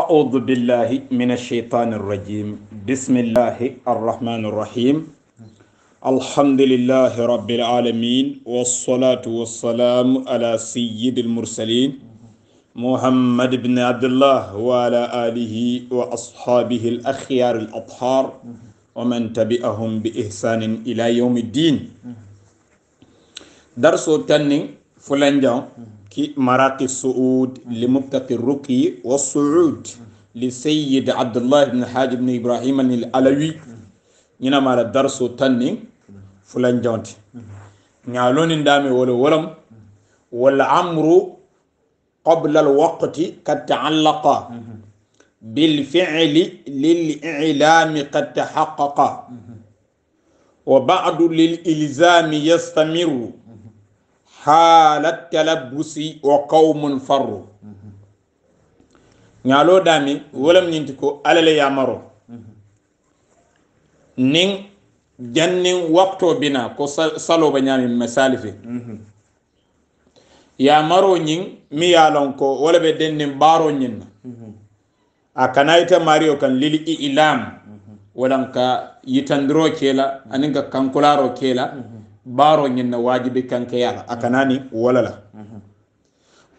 أعوذ بالله من الشيطان الرجيم بسم الله الرحمن الرحيم الحمد لله رب العالمين والصلاة والسلام على سيد المرسلين محمد بن عبد الله وعلى آله وأصحابه الأخيار الأطهار ومن تبعهم بإحسان إلى يوم الدين درس التنين فلان جان كي مرات السعود لمبتقي الرقي والصعود لسيد عبد الله بن حاج بن إبراهيم الألوي نينا مالا درسو تاني فلان جونتي نعلون دامي ولو ولم والأمر قبل الوقت قد تعلق بالفعل للإعلام قد تحقق وبعد للإلزام يستمر haala talabusi wa qawmun farru ñaalo dami wolam ñinti ko alala yamaro nin jannin waqto bina ko saloba ñamin misali fe yamaro ñin mi yalon ko wala be dennin baro ñinna a kana ita mario kan lili i ilam walan ka yitandiro kela aninka kankularo kela mm -hmm. baro ñinna wajibi kanke yala akanani walala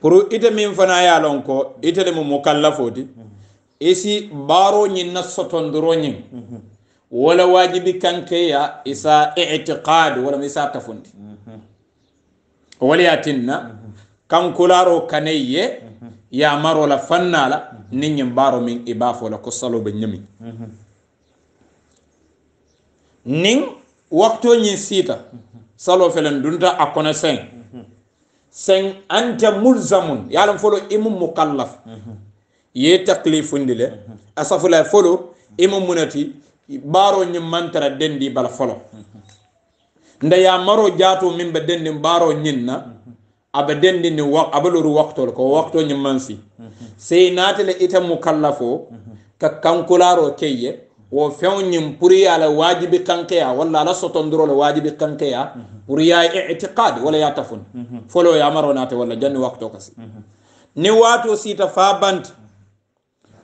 pour ite min fana ya lon ko itele mu mukallafoti isi baro ñinna sotondoro ñin wala wajibi kanke ya isa itiqad wala isa tafundi waliyatinna kankularo kaneye ya maro la fannala ninñin baro min i bafola ko saloɓe ñami nin waktoñin siita mm -hmm. salo felen dunta a kone sen sen ante mulzamun yalam folo imu mukallaf ye taklifundi le mhm. a safulay folo imu munati baro ñim mantara dendi bala folo mhm. nda ya maro jaato min ba dendi baro ñin na mhm. aba dendi ni wa aba lor waqtol ko waqto ñim mansi sey natele ita mukallafo ka kankularo keyye wo feŋñin pour ye a la waajibi kankeya walla ala sotondiro le waajibi kankeya pour ye a itiqad walla ye tafun folo ye amaro naate walla janni wakto kasi ni waato siita faa banta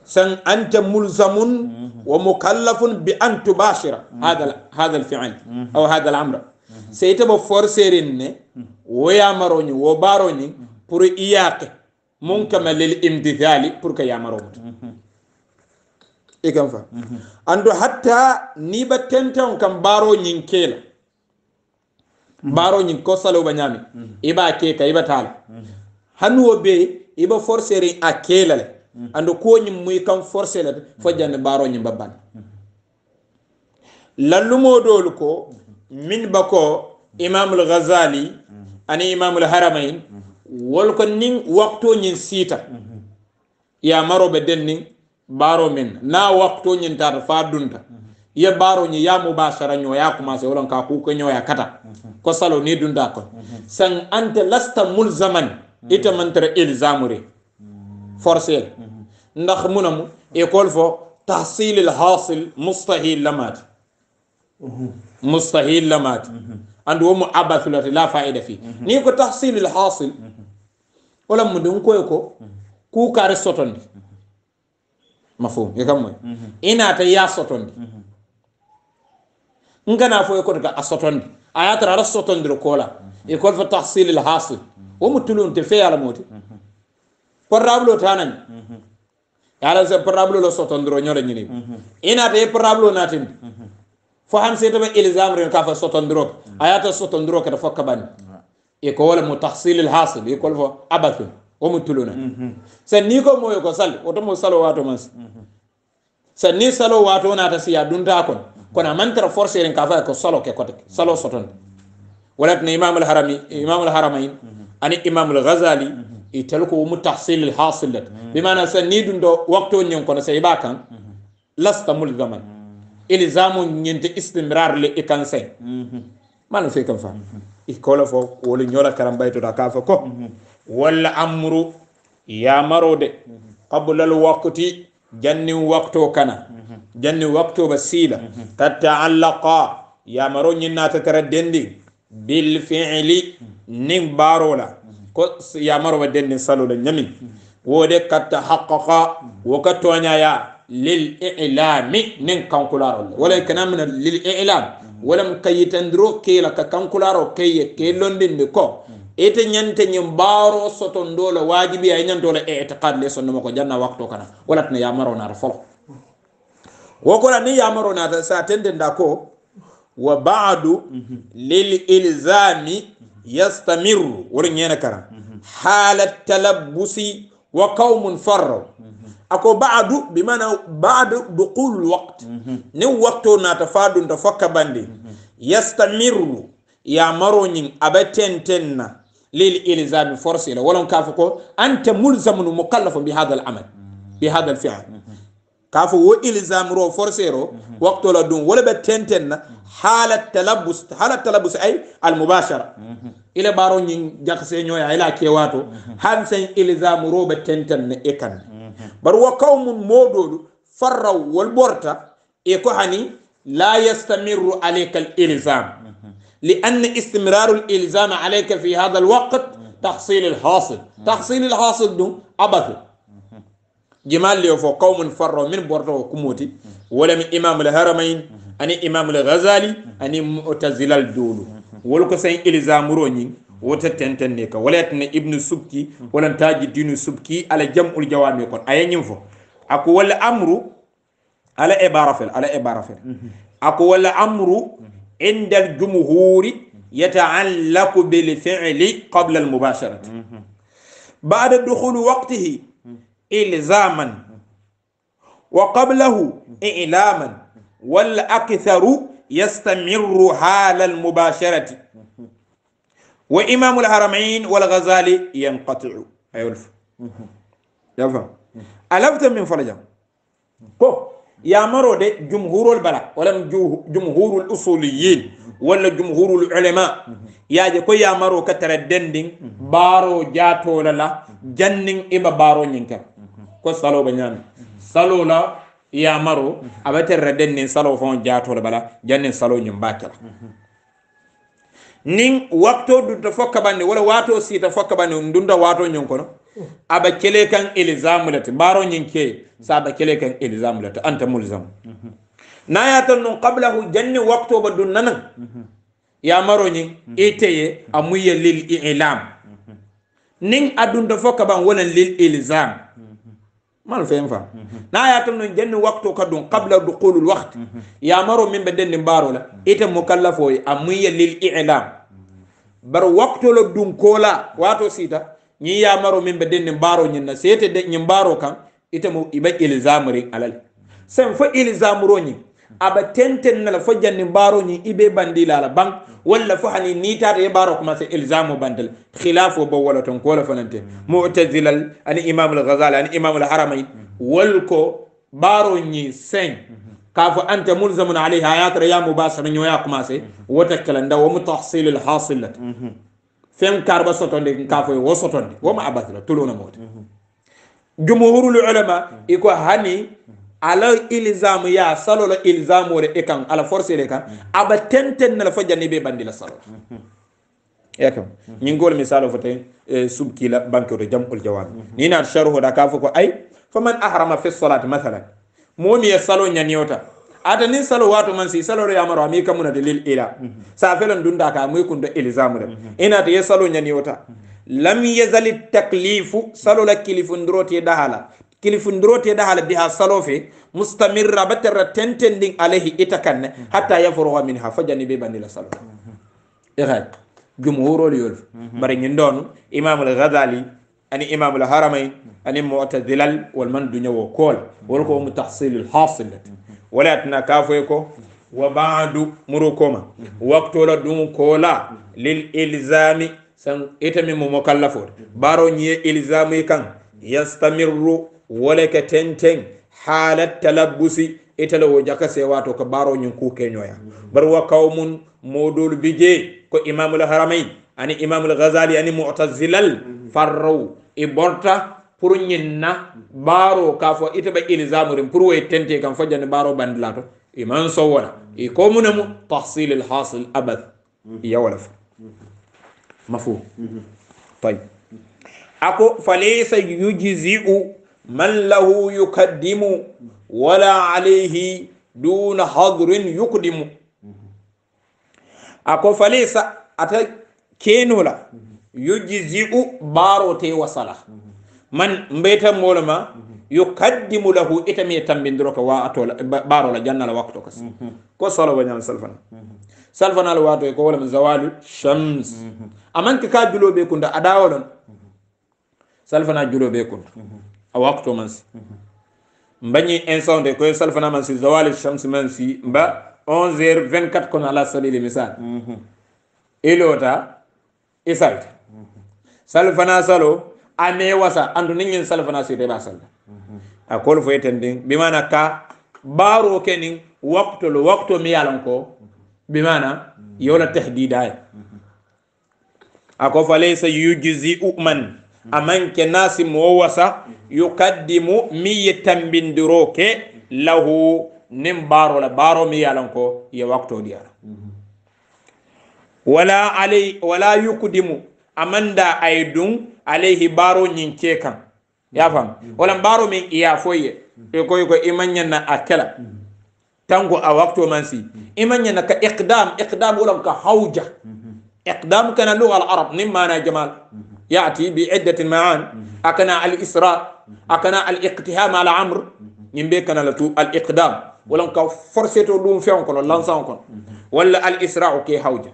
san anta mulzamun wa mukallafun bi an tubashira hada alfial aw hada alamra sey taba forcerin ne wo yamaroñin wo baaroñin pour iyake mun kama lil imtithali pour que yamaromuta i kam fa mhm. ando hatta ni ba tente on kam baro nyin kela mhm. baro nyin ko salo ba nyami mhm. iba ke ka iba tal hanu wo be iba forceri a kela le ando ko nyin muy kam forcele fo jande baro nyin babban lallu modol ko min bako imam al-ghazali ani imam al-haramain wol ko nin waqto nyin sita ya marobe den nin baro men na waktu nyen tata fa dunta ye baro nyi ya mu bashara nyo ya kuma se wala ka ku ko nyo ya kata ko salo ni dunta ko san ante lasta mulzaman ita mantra ilzamure forcer ndax munamu e kol fo tahsil al hasil mustahil lamat mustahil lamat and wo mu abathu la la faida fi ni ko tahsil al hasil wala mu dun ko ko ku kare sotondi mafum yo kam moy mhm. inata ya sotondi mhm. ngana fo ko daga sotondi ayata ra sotondi ro kola mhm. e ko fa tahsil al hasil o mutulun te fe ala moti porablo tanan ala se porablo lo sotondi ro nyore nyini inata e porablo natin fo han se tabe ilzam ren ka fa sotondi ro ayata sotondi ro ka fa kabani e ko wala mutahsil al hasil e ko fa abathu womo tulona mm -hmm. sen ni ko moyo ko sal otomo salo wato mas mm -hmm. sen ni salo wato nata siya dunta kon mm -hmm. kon a mantara forcé ren ka fa ko salo ke kote salo soton wala ne imamul harami imamul haramain mm -hmm. ani imamul ghazali mm -hmm. itel ko mu tahsil al hasil mm -hmm. bi mana sen ni dun do wakto nyon kon sey ba kan mm -hmm. lasta mul zaman mm -hmm. ilzamu nyente istimrar le ikansay mm -hmm. mana sey kan fa mm -hmm. ikola fo wala nyola karambay to da ka fa ko mm -hmm. walla amru yamarode qablal waqti jannin wakto kana jannin wakto ba sila tattaallaqa yamaro ñinnata tara dendi bil fi'li nin barola ko yamaro ba dendi salola ñamin wode katta haqqaqa wo ka toñaya lil ilami nin kankularol wala kana min lil ilam walam kayitandiro kela ka kankularo keye ke londinde ko ite ñante ñin baaro sotondola wajibi ay ñantola e eh, itiqad le sonnoma ko janna waqto kana wala tana yamaro nata folo wokola ni yamaro nata sa tendenda ko wa badu lil ilzami yastamiru wala ñena kara hala talabbusi wa qaumun farraw ako badu bimana badu duqul waqt ni wakto nata fadunta fokka bandi yastamiru yamaro ñin aɓa tentenna للالزام فرس ولو كافوكو انت ملزم ومكلف بهذا العمل بهذا الفعل كافو هو الزام رو فرسيرو وقت ولا دون ولا بتنتن حاله التلبس حاله التلبس اي المباشره الى بارو ني جاكسي الى كيواتو هانسين الزام رو بتنتن اكن بر وقوم مودود فروا والبورتا اكو هني لا يستمر عليك الالزام لأن استمرار الإلزام عليك في هذا الوقت تحصيل الحاصل تحصيل الحاصل دون أبث جمال لي فو قوم فروا من بورتو كموتي ولا من إمام الهرمين أني إمام الغزالي أني معتزل الدولو ولك سين إلزام روني وتتنتنك ولا تن ابن سبكي ولا تاج الدين سبكي على جمع الجوامع يكون أي نفو أكو ولا أمره على ابارفل على ابارفل أكو ولا أمره عند الجمهور يتعلق بالفعل قبل المباشرة بعد دخول وقته إلزاما وقبله إعلاما والأكثر يستمر حال المباشرة وإمام الحرمين والغزالي ينقطع أيوة ألفت من كو yamaro de jumhurul bala walam jumhurul usuliyin walla jumhurul ulama yaje ko yamaro katara dendin baro jato lala jannin iba baro nyinka ko salo banyan salo la yamaro abatarra dendin salo fon jato bala jannin salo nyin bakira nin wakto dunta fokka bande wala wato sita fokka bande dunta wato nyin kono mm aba kele kan lati baro nyinke saba kele kan lati anta mulzam na ya tan nun qablahu janni waqtu badun nan ya maro nyin iteye amuye lil i'lam nin adun da foka ban wala lil ilzam mal fem fa na ya tan nun janni waqtu kadun qabla duqulul waqt ya maro min nin baro la ita mukallafo amuye lil i'lam bar waqtu la dun kola wato sita ñin yamaro min ɓe denni mbaro ñin na seete de ñin mbaro kan itemo iɓe ilzamri alal sen fo ilzamro ñin aɓa tenten la fo janni mbaro ñin iɓe bandilala ban walla fo hani nitata ye ɓaro commencé ilzamu bandal khilafo bo wala ton ko wala fanante mutazilal ani imamu l gazali ani imamu l haramain wolko ɓaro ñin sen كافو أنت ملزم عليها يا ترى يا مباشر يا قماسي وتكلن ده ومتحصيل الحاصل لك feŋ karba sotondi kafoy wo sotondi woma abasla tuluna moote jumhurul ulama iko hani ala ilzam ya salola ilzamore e kan ala forcere kan aba tenten nala fo janni be bandila salola eko ñingol misal o fotay e, subkila banqueto jam ol jawan ninat charhoda ka fo ko ay faman ahrama fi salat mathalan momi e salo ñaniyota ada nin salo wato man si salo yamaro ami kamuna de lil ila mhm. sa felon dunda ka mu kun do elizamu de mhm. ina ta ye salo nyani wota mhm. lam yazali taklifu salo la kilifu ndroti dahala kilifu ndroti dahala biha salo fe mustamirra batarra tentending alayhi itakan hatta yafruha minha fajani be banila salo ira jumhurul yul bari nyin donu imam al ghazali ani imam al haramain ani mu'tazilal wal man dunyawo kol wal ko mutahsilul hasilati wala atina kafoye ko wa badu muru koma waktola ɗum koola lil ilzami san itami mo mokallafoto baro ñiye ilzamuy kan yastamirru wole ke tenten haalat talabusi itala wo jaka sewato ko baro ñin kukeñoya bar wa kaw mun modol bije ko imamul haramain ani imamul gazali ani mutazilal farrow i borta pour ñin na baaro ka fo ite ɓa ilisamurin pour woy tente kam fo jande baaro bandila to iman so wona i komuna mu tahsil l hasil abad yawala fo mafo tayib ako falaysa yujzi'u man lahu yukaddimu wala alayhi duna hadrin yukdimu ako falaysa ata kenula yujzi'u baaro te wasala mm -hmm. man mbeyta moolo ma yukaddimu lahu itamie tambindiro ka waatola baarola jannala wakto kas mhm. ko solowañal salfana mhm. salfanal waato e ko wolema zawalu shams mhm. amanke ka julo ɓe kunda aɗawa ɗon salfana julo ɓe kunda a wakto man si mbañi instant de koye salfana man si zawalu shams man si mba 11 heure 24 kono ala salili misal ilota e isalta e salfana salo ame wasa andu ningin salfa na sire ba salla a kol fo eten din bi mana ka baro kenin waqto lo waqto mi yalan ko bi mana yola tahdida ay a ko falaysa yujzi uman aman ke nasi mo wasa yuqaddimu mi yatambinduro ke lahu nim baro la baro mi yalan ko ya waqto diara wala alay wala yuqdimu amanda ay dun alayhi baro nyin ke kan ya fam wala baro min iya foye e koy ko imanya na akala tango a wakto mansi imanya na ka iqdam iqdam ulam ka hauja iqdam kana lugha al-arab nimma na jamal ياتي بعده معان اكنا الاسراء اكنا الاقتهام على عمرو يمبي كان الاقدام ولن كو فرسيتو دوم فيون كون لانسان كون ولا الاسراء كي حوجه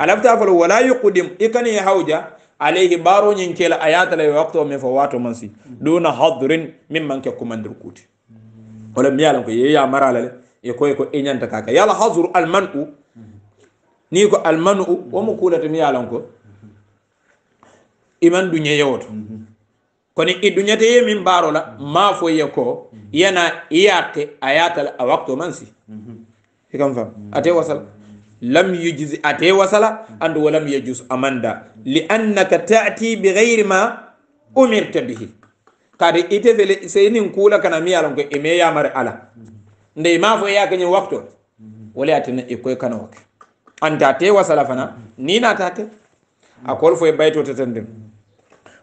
الافتا ولا يقدم اكني حوجه alayhi ɓaroñin kela a yatala e waktu o min fo wato mansi duna hadrin min manke kumandir kuti wala mi yalan ko yeya marala le e koy ko iñanta e kaka yala hadru almanu ni ko almanu womo kulata mi yalan ko iman duñe yewoto kono i duñateye min baro la ma foye ko yana yatte a yatala a waktu o mansi ikam fam ate wasal lam yujus ate wasala ando wa lam yajus amanda li annaka taati bi gayri ma umirta bihi kadi ite fele seynin kula kana mi yalonko ime e yamare ala nde ma fo e ya kanyen wakto wala atina ikoy e kana wak anta te wasala fana ni na take akol fo bayto tatandim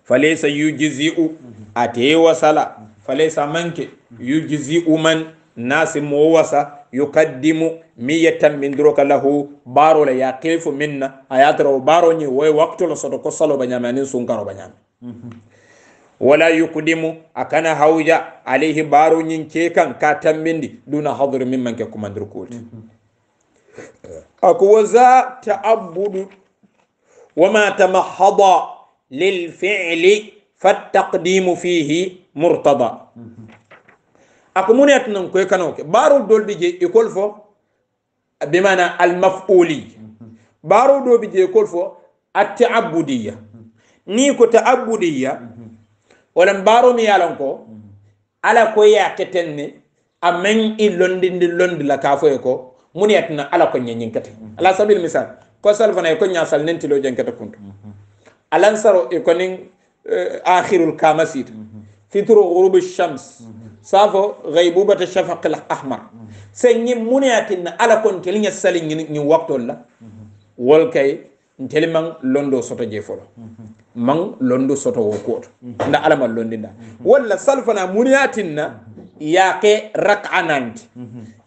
falaysa yujzi'u ate wasala falaysa manke yujzi'u man nasi mo wasala yukaddimu mi yettan min duroka lahu baarole ya keefu minna a yatara o baaro ñi wo waktolo soto ko saloba ñaame anin sunkaro ba ñaame mhm. wala yukdimu a kana hawja alayhi baaro ñin ke kan ka tambindi duna hadre min manke kumandir kuuti mhm. ako waza taabudu wama tamahada lilfili fa ltaqdimu fihi murtada ako muneyat nan koye kano ke baro dolɗi je école fo bimana almafuli baro do bi je école fo atta'abbudiyya ni ko ta'abbudiyya wala baro mi yalan ko ala ko ya ketenne amen i londindi londi la kafo e ko muni atna ala ko nyanyin kate ala sabil misal ko sal fana e ko nyasal nenti lo jen kate kunto alansaro e konin eh, akhirul kamasit fitru ghurubish shams mm -hmm. saafo gay bubata chafaq la ahmar se ñi muneyatin na ala kon teliña sali ñu waktol la wol kay nteli maŋ londo soto je folo maŋ londu soto wo kuwoto nda alama londinda walla salfana muneyatin na yaake rak'a nanti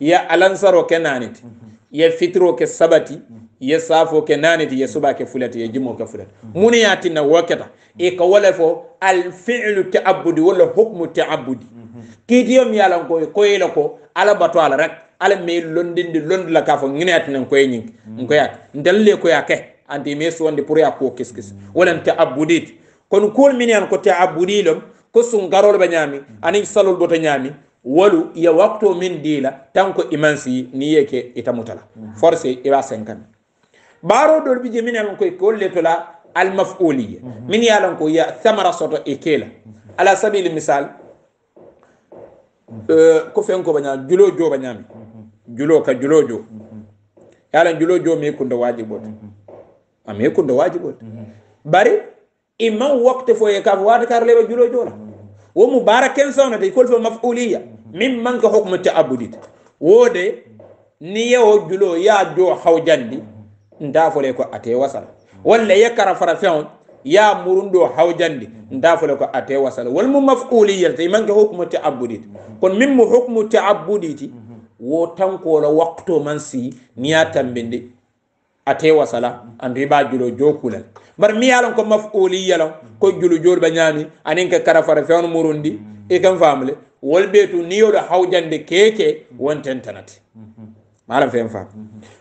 ya alansaro ke naaniti ya fitiro ke sabati ye saafo ke naaniti ye suba ke fulati ye jumo ke fulati muneyatin na wo keta i e ka wole fo alfiilu taabudi walla hukmu taabudi mm -hmm. kiitiyom yalanko koyila ko ala bato ala rek ala mai londindi londi la kafo ngineti nan koye ñing mm. nko yak ndelle ko ya ke anti mai suwonde pour ya ko kiskis wolen te abudit kono kuol min yan ko te abudilom ko sun garol ba ñami mm. ani salol boto ñami walu ya waktu min dila tan ko imansi ni yeke itamutala mm. force iwa senkan baro dol bije min yan ko ko letola al mafuliya mm-hmm. min yalan ko ya thamara soto e kela mm-hmm. ala sabili misal Eh, ko fɛn ko banya julo jo banya mi julo ka julo jo yala julo jo mi kunda wajibot ami kunda wajibot bari imma waqti fo ka wad kar lebe julo jo la wo mubaraken sawna de kol fo min man ka hukmu wo wode ni yewo julo ya do hawjandi nda fo le ko ate wasal walla yakara fara fewn ya murundo hawjandi nda fole ko ate wasala wal mu maf'uliyata imanke hukmu ta'abbudi kon min mu hukmu ti wo tankola waqto man si niya tambindi ate wasala andi b'a julo jokula bar mi yalon ko maf'uliya ko julo jor ba nyami anen ka karafara fewn murundi e kan famle wal betu do hawjande keke wonten mm -hmm. maɗam fen fam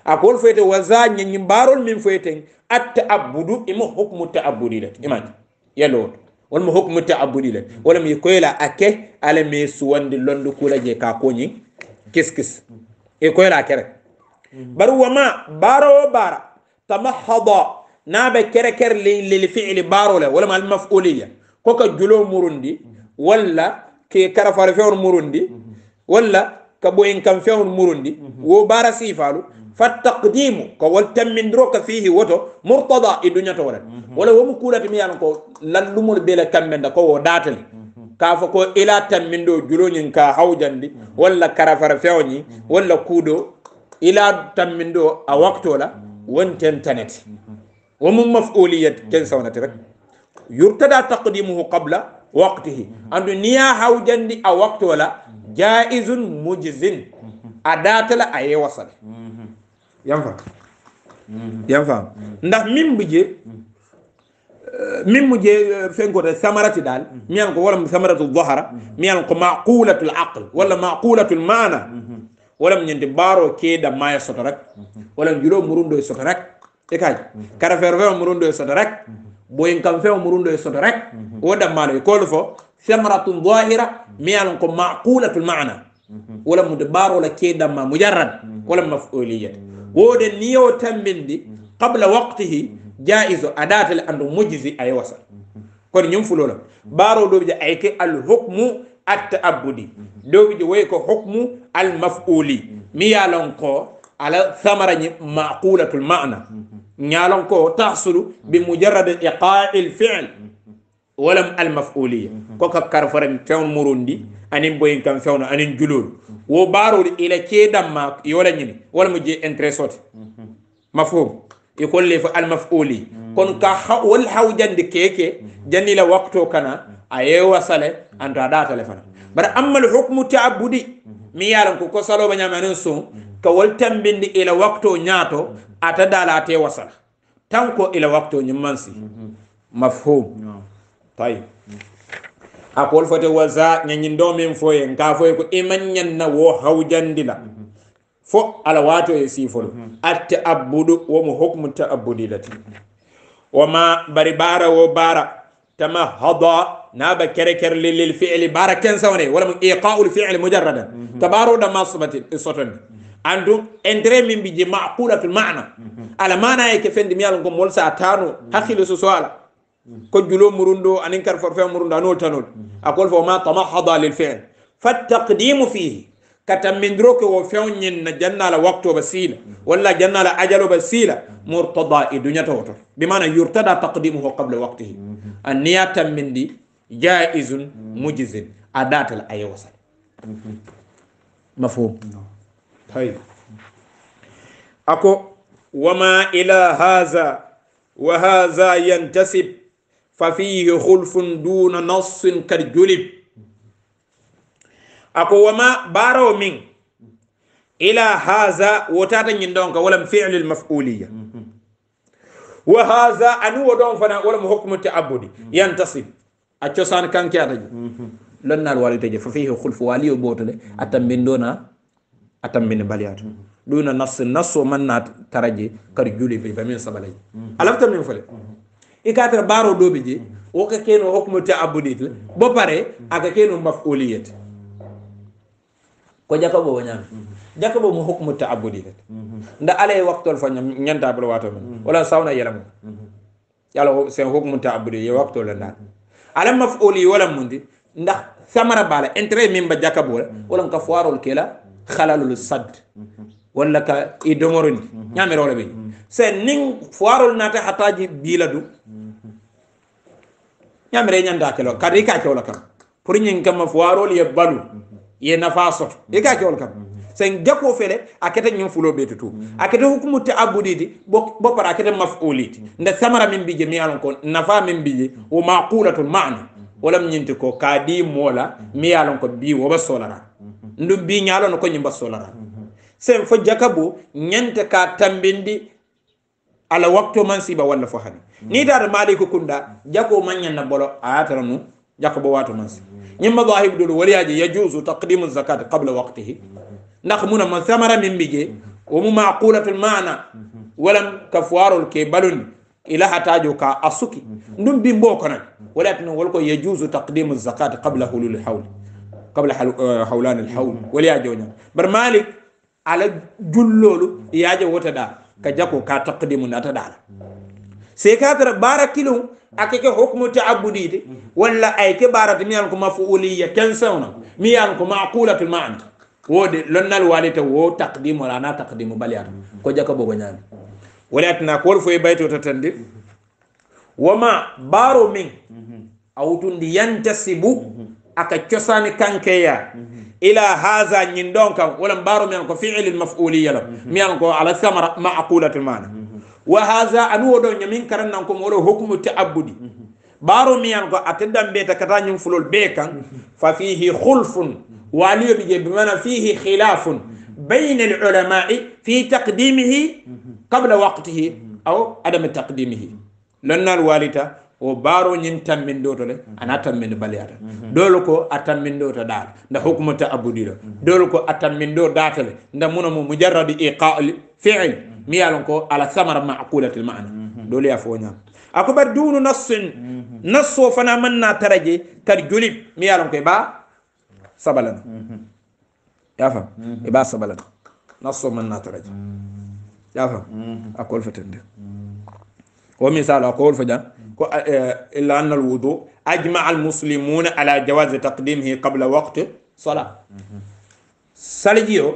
ako hol foyeten wasagne ñi mbarol min foyeten atta abboudou ima hokmu ta abboudi let imaji yello oto wonmo hokmu ta abboudi let wala mi koyla ake ala mi suwandi londo kula je ka koñi kiskis e koyla ake rek bar wama baro o baara tamahada naɓe kere kere li lil fili baro le wala al mafuliya koka julo murundi walla ke karafare fewr murundi walla ka ɓoyen kam fewn murundi mhm. wo bara sifalu mhm. fa taqdimu ko wol tammindiro ka fihi woto mourtada e duñato wonen mhm. wala womo kuulata mi yalan ko lallumol bele kammenda ko wo datali ka fo ko ila tammindo juloñin ka hawjandi walla karafara fewñi walla kuuɗo ila tammindo a waktola wonten tanete womo mafoliya ken sawnate rek yurtada taqdimuhu qabla waqtihi andu niya hawjandi a waktola jaizun mujzin a datala a ye wasal yan fa yan fa ndax min bije min mu je fenkote samarati dal miyan ko wala samaratu dhahara miyan ko maqulatu al-aql wala maqulatu al-mana wala nyende baro keda maya soto rek wala julo murundo soto rek e kay kara fer fer murundo soto rek boyen kam fe murundo soto rek o dam malo ko lo fo ثمرة ظاهرة ميال معقولة المعنى ولا مدبار ولا كيدا ما مجرد ولا مفعولية وود نيو تمبندي قبل وقته جائز أداة الأند مجزي أي وصل كون ينفلو لهم بارو دوبجا أيك الحكم التعبدي دوبجا ويكو حكم المفعولي ميالون على ثمرة معقولة المعنى نيالون كو تحصل بمجرد إيقاع الفعل walam almafuliya mm -hmm. koka karfaran fewn murundi anin boyin kan fewno anin julol wo barol ila kedanma yola ñini wala mo jee intérét sote mm -hmm. mafhum i kolle fo almafuli mm -hmm. kon ka wol haw jandi keke mhm. jandila waqto kana a yewa sale mhm. anta datale fana mhm. bara ammal hukmu taabudi mi yaran ko ko saloba ñama anen son ka wol tambindi ila waqto ñaato ata dala te wasala tan ko ila waqto ñimmansi mafhum mm -hmm. tay a kool fote wasa ñañin ndo min foye nka foye ko imañan na wo hawjandila fo ala wato e sifol mhm. atte abbudu womo hokmu ta abbudi lati wama bari bara wo bara tama hada naba kere kere lilil fi'li bara ken sawne wala mu iqa'ul fi'li mujarradan mhm. tabaru da masbati isoton e mhm. andu entre min bi ji ma'qulatul ma'na ala ma'na e ke fendi mi yalon ko molsa tanu hakilu su soala mm -hmm. كجلو مرندو أن إنكر فرفع مرندو أنول تنول أقول فما تمحض للفعل فالتقديم فيه كتمندروك وفعن جنة لوقت بسيلة ولا جنة لأجل بسيلة مرتضى الدنيا توتر بمعنى يرتدى تقديمه قبل وقته النية من دي جائز مجز أداة الآية وصل مفهوم طيب أكو وما إلى هذا وهذا ينتسب fafihi hulfun duna nassin kad julib ako wama baro min ila haza wotata ñin donka walam filu lmafuliya wa haza anu wo don fana walam hukmu taabudi yantasib a cosan kanke ataji lon nal walitaje fafihi hulfu waliyo botole atambin dona atambini baliyatu duna nassin nasso man na taraje kar juli be bamin sabalaji alafta min fole mm -hmm. i ka tara baaro ɗooɓe je woka keno hokkumati abbonide la bo pare aga keno maf oliyete ko jakabo o ñaami jakabo mo hokkumati abbonide ta nda ala e waktol fa ñantabla wato men wala sawna yalamo yala sen hokkumati abbodi ye waktol la ndaan ala maf olie wala mundi ndax samara bala intérêt min ba jakabo la wala ka foirol kela xalalol sadd walla ka i domorondi mhm. ñamerole ɓe mhm. se nin foirol naata hataji biila du mhm. ñamere ñanda kelo kadi i ka kewla kam pour ñin kamma foirol ye balu ye nafa soto i ka kewla kam sen jako fele a kete ñin fulo ɓeyte tu a kete hukumutte abbuɗiidi bopara a kete maf oliti nde samara min mbiji mi yalon ko nafa min mbiji o maqula to mana wolam ñinti ko kaadi moola mi yalon ko bi woba solara ndum bi ñalono ko ñimba solara mm -hmm. sen fo jaka bo ñente ka tambindi ala waktu man siba walla fo hani mm. ni daata maaɗi ko kunda jako mañanna bolo a yatara nu jaka bo waato man si ñimma dahibu dolu waliyaji yajuse taqdimu zakat qable waqtihi ndax muna ma samara min mbi jee womu maqulatu lmana walam ka foirol ke balundi ila hataajo ka a suki ndum bimbo konan waliyatino wolko yajuse taqdimu zakat qable hululi hawli qable eh, hawlani lhawl waliyajoñan bar malik ala jullolu yaje wota da ka jako ka taqdimu nata da sai ka tara barakilu kilon akeke hukmu wala wala ayke barata mi an ko mafuuliyya kensewna mi an ko maqulatul ma'anta wode lonnal walita wo taqdimu na taqdimu baliyata ko jako bogo ñaami walatina ko fu e baytu ta tandi wama baro min awtundi yantasibu aka cosani kankeya ila haza ñin ɗon wala mbaro miyan ko fiili lmaf'uliya lo miyan ko ala samara maqulati mana wa haza anu wo ɗon ñamin karan nan hukmu taabudi baro miyan ko ateddan kata ñin fulol kan fa fihi hulfun waliyoɓe je bimana fihi khilafun bayna lulamai fi taqdimihi qabla waqtihi aw adama taqdimihi lonnal walita o baaroñin tamminndooto le mhm. ana tammindo baliyata mhm. dole ko a tamminndoto ɗaata nda hukumata aboudiɗo mhm. dole ko a tamminndo daata le nda muno mo mujarradu iqaul fiil mi yalon ko ala samara maaqulatil maana dole ya foñam akobar duunu nassin nasso fana manna taraje kadi julib mi yalon ko e ba sabalana yafam e ba sabalana nasso manna taraje yafam akolfatende o misalo akowolfo jan ko eh, eh, illa anna alwudu ajmaa almuslimuna ala jawase taqdimehi qable waqte sola salijiyo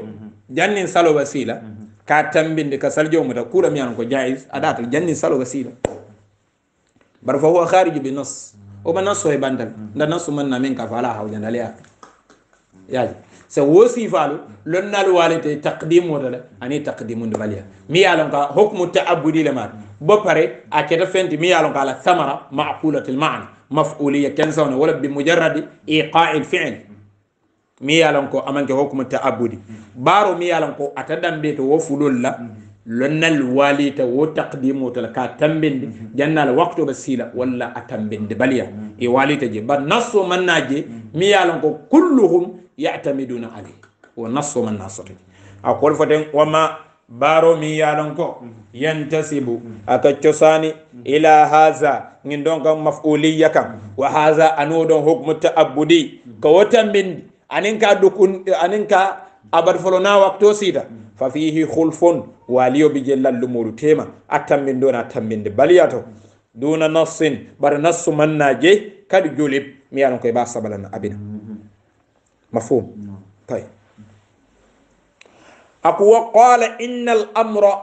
jannin salo wasila ka tambinde ka salijiyo muta kura miyano ko jais adata jannin salo wasila bara fa huwa kariju bi nas oba nasso e bandal nda nasso manna min ka fa ala hawjandaleya yaji سوسي فالو لنا الوالد تقديم ولا أني تقديم دبليا مي علم حكم تعبدي لما بباري أكيد فهمت مي علم على ثمرة معقولة المعنى مفعولية كنزون ولا بمجرد إيقاع الفعل مي علم كو أمان حكم تعبدي بارو مي علم كو أتدم بيت وفلول لا لنا الوالد وتقديم ولا كتمبن جنا الوقت بسيلة ولا أتمبن دبليا إيه والد جي بنص مي علم كلهم yatamiduna alik wa nasu man nasati a kol foten wama baro mi yalon ko yantasibu aka cosani ila haza ngin don kam maf'uliyya kam wa haza anu don hukmu ta'abbudi ka watan min aninka dukun aninka abad folo na waqto sida fa fihi khulfun wa liyo bi jellal lumuru tema atam min dona tam min de baliyato duna nassin bar nassu manna je kad julib mi yalon ko e ba sabalan abina mm. mafhum tay ak wa qala inna al amra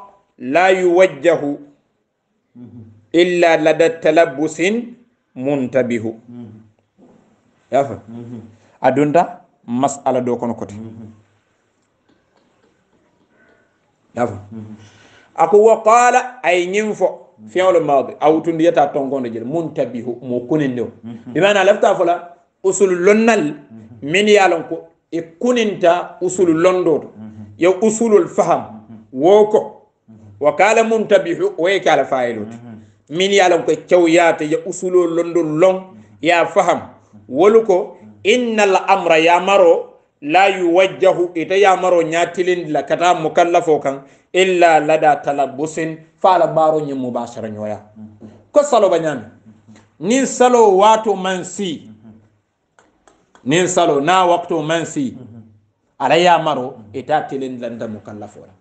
la yuwajjahu mm-hmm. illa lada talabbusin muntabihu mm-hmm. yafa mm-hmm. adunta masala do kono kote yafa ak wa qala ay nyimfo fiyawlo maadi awtundi yata tongonde jeel muntabihu mo kunen dew bi mana lafta fala usul lonnal mm -hmm. min ye lon ko e kuninta usulu londoto mhm. yo usulul faham mhm. woko mhm. wa kala muntabihu o ye kala fayiloto min ye lon ko e cew yaate yo usulol londol long ya faham wolu ko inna l amra yamaro la yuwajjahu ita yamaro ñatilindi la kata mukallafo kan illa lada talabusin fala baro ñin mubasara ñoya ko salo ba ñami nin salo wato man si mm -hmm. nin salo na waktu mansi ala ya maro eta tilin landa mukallafora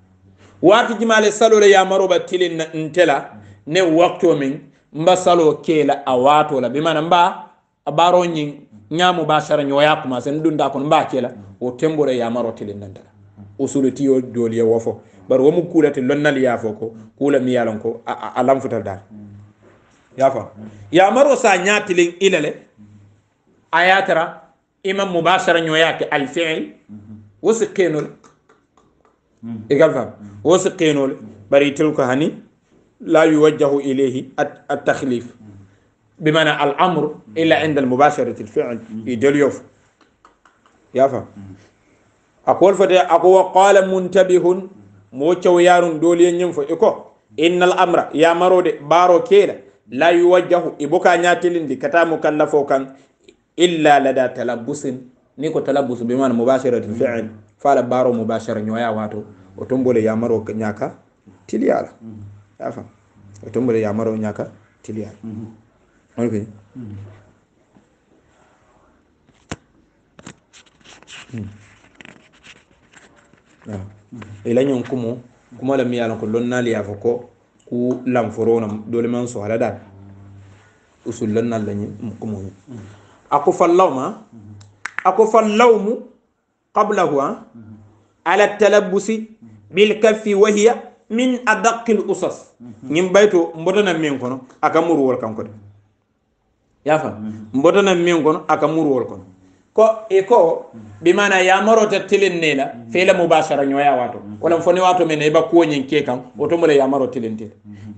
waati jimale salo le ya maro ba tilin ntela ne waktu min mba salo kela awato la bimana mba baro nyin nyamu bashara nyoya kuma sen dunda kun mba kela o tembore ya maro tilin nanda usulu tiyo doli ya wofo bar wamu kula te lonnal ya foko kula mi yalon ko alam futal dal ya fa ya maro sa nyatilin ilale ayatara إما مباشرة نيوياك الفعل وسقينول إيجال فهم وسقينول بري تلك هني لا يوجه إليه التخليف بمعنى الأمر إلا عند المباشرة الفعل يدل يوف يا فهم أقول فتي أقول قال منتبه موتشو يارون دولين ينفو إكو إن الأمر يا مرود بارو كيلا لا يوجه إبوكا ناتلين دي كتا مكلفو كان illa lada talabbusin ni ko talabbusu bi mana mubasharatul fi'l la baro mubashara nyoya wato o tombole maro nyaka tiliyala mm-hmm. ya fa o tombole yamaro nyaka tiliyala fi mm-hmm. mm-hmm. mm. ah. ila nyon kumo kuma la miyalon ko lonnali ya avoko ko ku lamforona dole man so halada usul lanna lañi kumo ako fallawma mm -hmm. ako fallawmu qablahu a mm -hmm. ala talabusi mm -hmm. bilkaffi wahiya min adaqi lusas ñin mm -hmm. bayto mbotanan min kono aka muruwol kanko de yafa mbotanan min kono aka muruwol kono ko e ko bi mana yamarota tilin ne la fela mubashara ñoya wato walam foni wato men eba kuwoñin ke kan otomola yamaro tilintela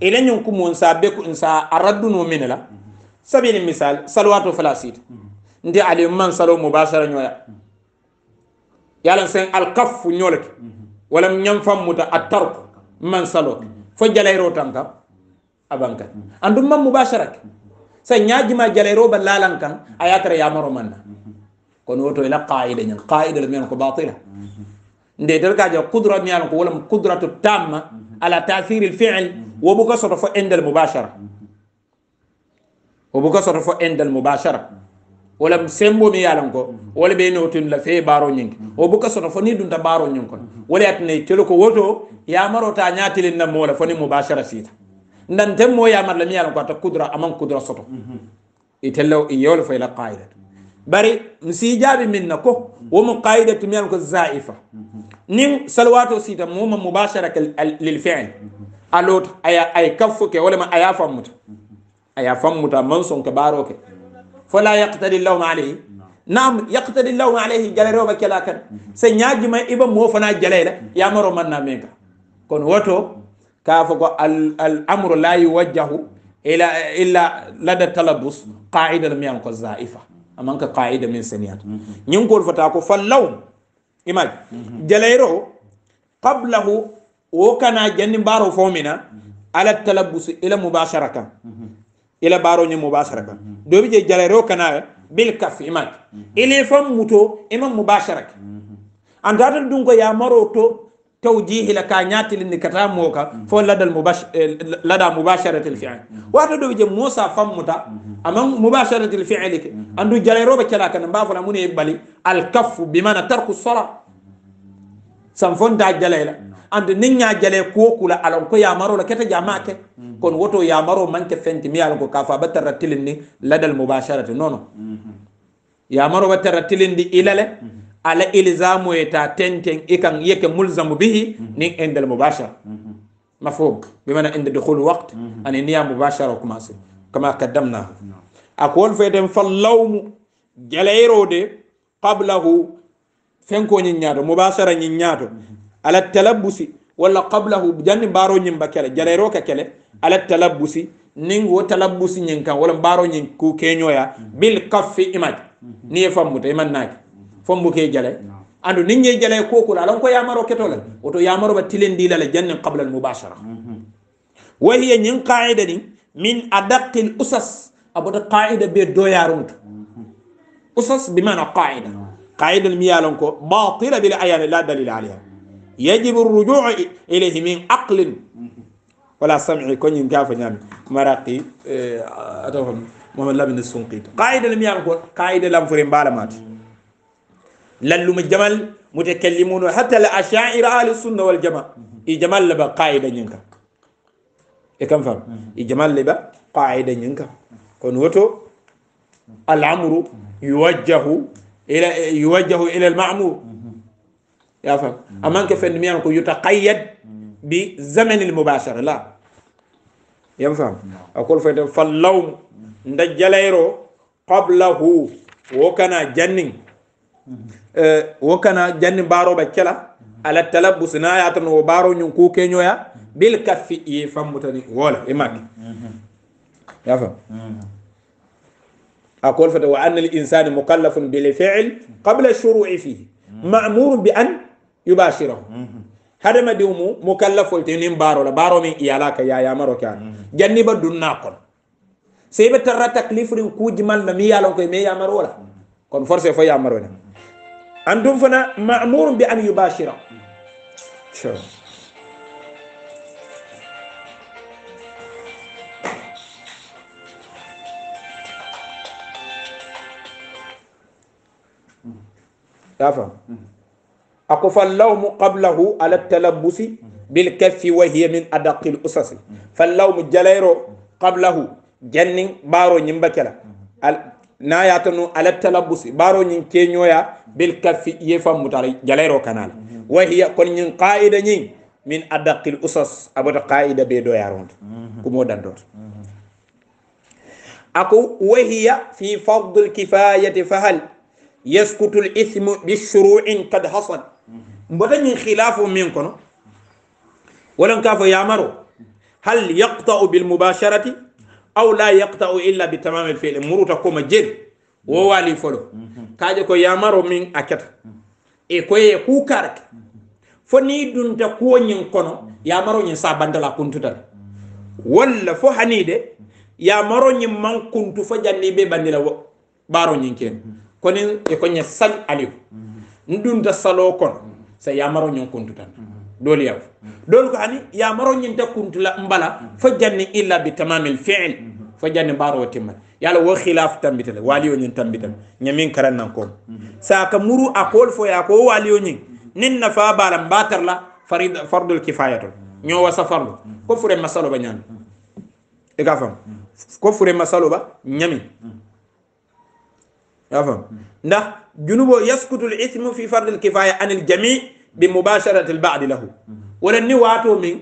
ilañin kumun sa beku sa araddunomine la mm -hmm. sabini misal salowato fala siito mm. nde ali man salo mobasara ñoya mm. ye alan sen alkaffu ñoleke mm-hmm. walla ñam fammuta a tarku mm-hmm. man saloke mm-hmm. fo jalayro tan kam a bankat andum man mobasarake sa ñajima jalayro ba lalan kan a yatara yamaro manna kono woto ila qaida ñan qaida la mino ko batila nde tel ka ja kudra miyalan ko walla kudratu tamma ala tasiril fiil wo buka soto fo endel mobasara o buka soto fo indal mubachara wala sembo mi yalan ko wala be notin la fee baro ñing o buka soto fo ni dun ta baro ñing ko wala atne telo ko woto ya maro ta nyaatile na mola fo ni mubashara sita ndan tem mo ya mar la mi yalan ko ta kudra aman kudra soto e tello e yol fo la qaida bari msi jabi min nako wo mu qaida tu mi yalan ko zaifa nin salwato sita mo mubashara kal lil fi'l alot aya ay kaffu ke wala ma aya famuta mm -hmm. aya fammuta mansong ke baroke fala yaqtadi llahu ma alayhi nam yaqtadi llahu ma alayhi jalerewo ɓe kela kan se ñaji ma iba mo fana jaleyla yamaro manna men ka kono woto ka fogo al amro la yuwajjahu ila illa lada talabus qaida lam yanko zaifa amanka qaida min seniyat ñingkol fota ko fa law imaj jaleyro qablahu wo kana jandi mbaro fomina ala talabus ila mubasara kan ila baro ñe mubasara ka mm-hmm. dobi je jalareo kana bil kaf imak mm-hmm. ili fam muto ima mubasara ka mm-hmm. antatal dun ko ya maro to tawjihi la ka ñatilin ni kata mo ka fo ladal eh, lada mubasharatil fi'il wata dobi je mosa fam muta ama mubasharatil fi'il ke andu jalareo ba cala kana mbafala mun e bali al kaf bimana tarku salat san fonta jalay la ande niŋa jale kuwo kula alon ko yamaro la keta jama ke mm. mm. kon woto yamaro manke fenti mi yalonko ka fa ba tara tilindi ladal mubasharati nono mm-hmm. yamaro ba tara tilindi ilale mm-hmm. ala ilzamu eta tenten i kan yeke mulzamu bihi mm-hmm. nin indal mubashara mafhum bimana inde dukhul waqt ani niya mubashara o commencé kama kaddamna ako wol feten fallawmu jalayro de qablahu fenko ñiññaato mubasara ñiññaato ala talabusi walla qablahu janni mbaaro ñin ba kele jaleyroo ka kele ala talabusi nin wo talabusi ñin kan walla mbaaro ñin ku keñoya bil kaffi image ni ye fammuta iman naaki fombu ke jale andu nin ñe jale kookula alan ko yamaro ketola woto yamaro ba tilendila le jannin qabla al mubasara wa hiya ñin qaida ni min adaqi l usas abota qaida be doyarunta usas bimana qaida mm -hmm. قاعدة الميالنكو باطلة بلا أيان لا دليل عليها يجب الرجوع إليه من عقل ولا سمع كوني نكافة نعم مراقي إيه، أتوهم محمد لابن السنقي قاعدة الميالنكو قاعدة لامفرين بالمات للم الجمل متكلمون حتى الأشاعر أهل السنة والجمع إجمال لبا قاعدة نينكا إكم فهم إجمال لبا قاعدة نينكا كون وتو الأمر يوجه الى يوجه الى المعمور يا فهم اما كفن ميان كو يتقيد بزمن المباشر لا يا فهم اقول فيت فاللوم ندجليرو قبله وكان جنن أه، وكان جنن بارو بكلا على التلبس ناياتن وبارو نكو كينيويا بالكف يفهمتني ولا امك يا فهم أقول فتو أن الإنسان مكلف بالفعل قبل الشروع فيه مأمور بأن يباشره هذا ما ديومو مكلف التنين بارو لا بارو من إيالاك يا يا مرو كان جنب بدون ناقل سيب ترى تكليف رين كوجمال نمي يالون كي مي يا مرو لا كون فرصة في يا مرو أنتم فنا مأمور بأن يباشره شو afam ako fa lawmu qablahu ala talabusi bil kaffi wa hiya min adaqi al usasi fa lawmu jalayro qablahu janni baro nyimbakela na ya tanu ala talabusi baro nyin kenyoya bil kaffi ye fam mutari jalayro kanal wa hiya kon nyin qaida nyin min adaqi al usas abata qaida be do yarond ku mo dandot ako wa hiya fi fardhu al kifayati fa hal yaskutu l ithmu bi shuruin kad hasad mbota ñin min kono walan ka fo yamaro hal yaqta'u bil mubasharati aw la yaqta'u illa bi tamam al fi'l muruta koma jeri wo wali folo kaje ko yamaro min akata e koye ku karake fo ni dunta kuwoñin kono yamaroñin sa bandala kuntutan walla fo hanide yamaroñin man kuntu fo janni be bandila baroñin ken koni e ko ñe sañ aliw ndunta saloo kono so yamaro ñon kuntutan doolu yaw doolu ko hani yamaro ñinta kuntula mbala fo janni illa bi tamamil fiil fo janni mbaaro timman yala wo khilaf tambitale waliyo ñin tambital ñamin karan nan kom ka muru a kol fo ya ko wali waliyo ñin nin nafa balam batar la farid fardul kifayatul ñowa wa farlu ko fure masalo ba ñami e ka fam ko fure masalo ba ñami افهم نه نعم. جنوب يسكت الاثم في فرض الكفايه عن الجميع بمباشره البعض له ورني واتو من